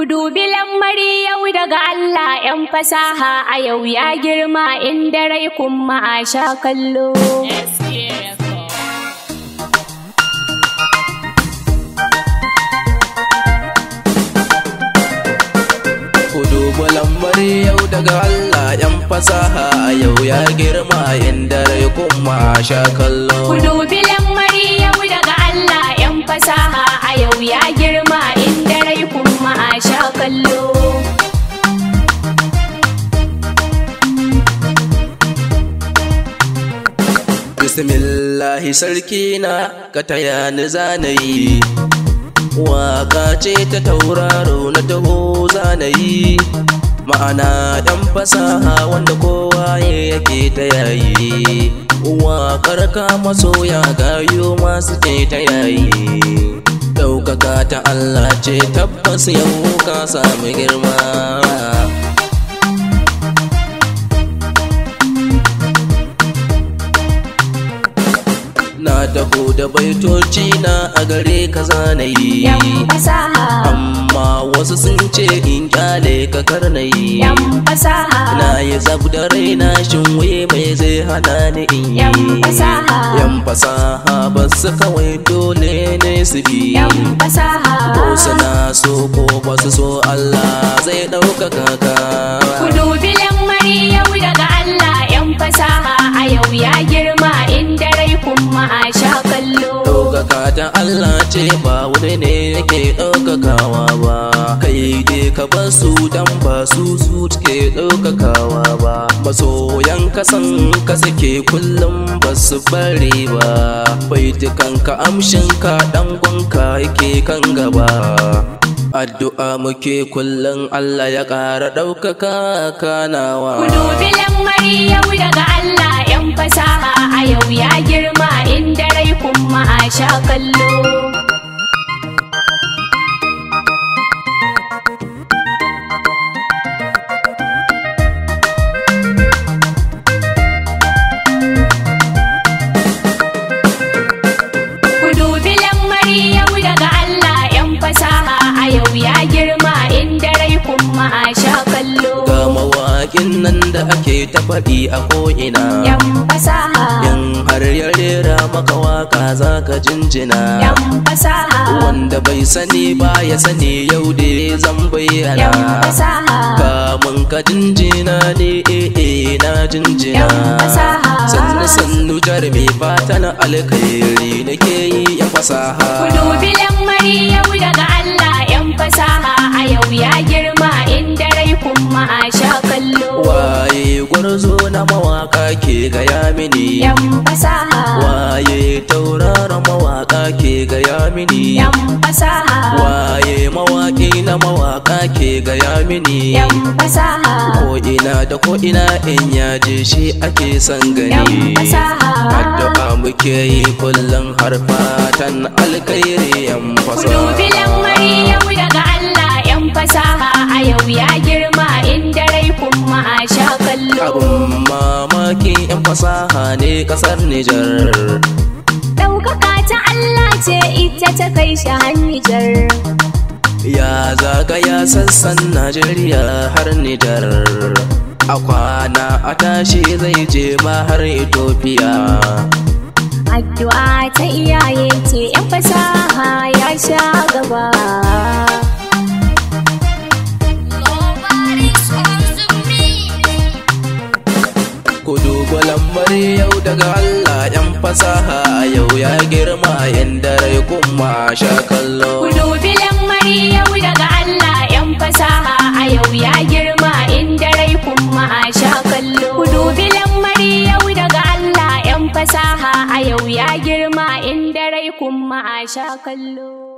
Ku dubi lamari yau daga Allah ‘yan fasaha a yau ya girma inda rai kuma a sha kallo. Ku dubi lamari yau daga Allah ‘yan fasaha a yau ya girma inda rai kuma a sha kallo. bismillahi sarki na ka taya ni zanayi waka ce ta tauraro na taho zanayi ma'ana dan fasaha wanda kowa ya yake ta yayi wakar ka soya gayo masu ce ta yayi ɗaukaka ta Allah ce tabbas yau ka samu girma na taho da baitoci na a gare ka zanayi amma wasu sun ce in kyale ka karnayi na yi zab da raina shin waye mai zai hana ni in yi yan fasaha ba su kawai dole ne su bi ko su na so ko ba su so Allah zai ɗaukaka ka ku dubi lamari yau daga Allah yan fasaha a yau ya girma fatan Allah ce ba wani ne yake ɗaukakawa ba kai dai ka bar su dan ba su su ke ɗaukakawa ba masoyan kasan ka suke kullum ba su bari ba baitukan ka amshin ka dangonka yake kan gaba addu'a muke kullum Allah ya ƙara ɗaukaka kanawa ku dubi lamari yau daga Allah sha kallo ga mawaƙin nan da ake ta faɗi a ko'ina yan fasaha yan har ya rera maka waka za ka jinjina yan fasaha wanda bai sani ba ya sani yau da zan bayyana yan fasaha ka jinjina ne eh, eh na jinjina yan fasaha sannu sannu jarumi na alkhairi nake yi ya fasaha ku dubi lamari taurara mawaka ke gaya mini waye taurara mawaka ke gaya mini waye mawaki na mawaka ke gaya mini ko ina da ko ina in yaje shi ake son gani addu'a muke yi kullum har fatan alkhairi yan fasa bilan daga Allah yan fasa fasaha ne kasar Nijar. Ɗaukaka ta Allah ce ita ta kai shi Nijar. Ya ya sassan Najeriya har Nijar. A kwana a tashi zai je ma har Ethiopia. Addu'a ta iyaye ce kaga Allah yan fasaha yau ya girma yan dare kuma sha kallo ku dubi lamari yau daga Allah yan fasaha a yau ya girma in dare kuma sha kallo ku dubi lamari yau daga Allah yan fasaha a yau ya girma in dare kuma sha kallo